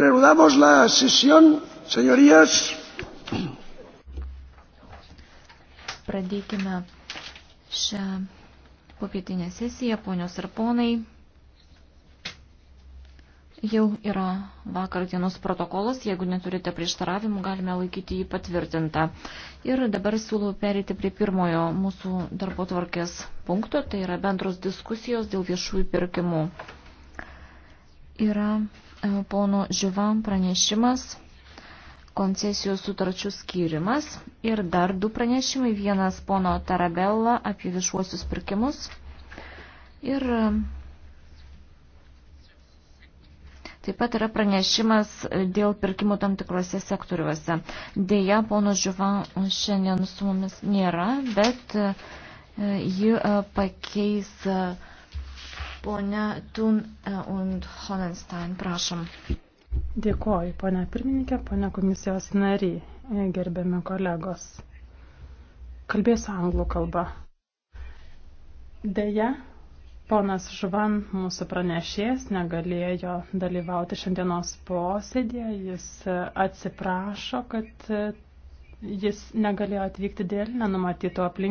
Reanudamos la sesión, señorías. Pradėkime šią popietinę sesiją, ponios ir ponai. Jau yra vakar dienos protokolas, jeigu neturite prieštaravimų, galime laikyti jį patvirtintą. Ir dabar siūlau perėti prie pirmojo mūsų darbo tvarkės punkto, tai yra bendros diskusijos dėl viešųjų pirkimų yra e, pono Živam pranešimas koncesijų sutarčių skyrimas ir dar du pranešimai. Vienas pono Tarabella apie viešuosius pirkimus ir e, taip pat yra pranešimas dėl pirkimų tam tikrose sektoriuose. Deja, pono Žiuvan šiandien su mumis nėra, bet e, ji pakeis Pone Tun e, und Honenstein, prašom. Dėkoju, ponia pirmininkė, ponia komisijos nariai, e, gerbiami kolegos. Kalbėsiu anglų kalba. Deja, ponas Žvan, mūsų pranešėjas, negalėjo dalyvauti šiandienos posėdėje. Jis e, atsiprašo, kad jis negalėjo atvykti dėl nenumatytų aplinkų.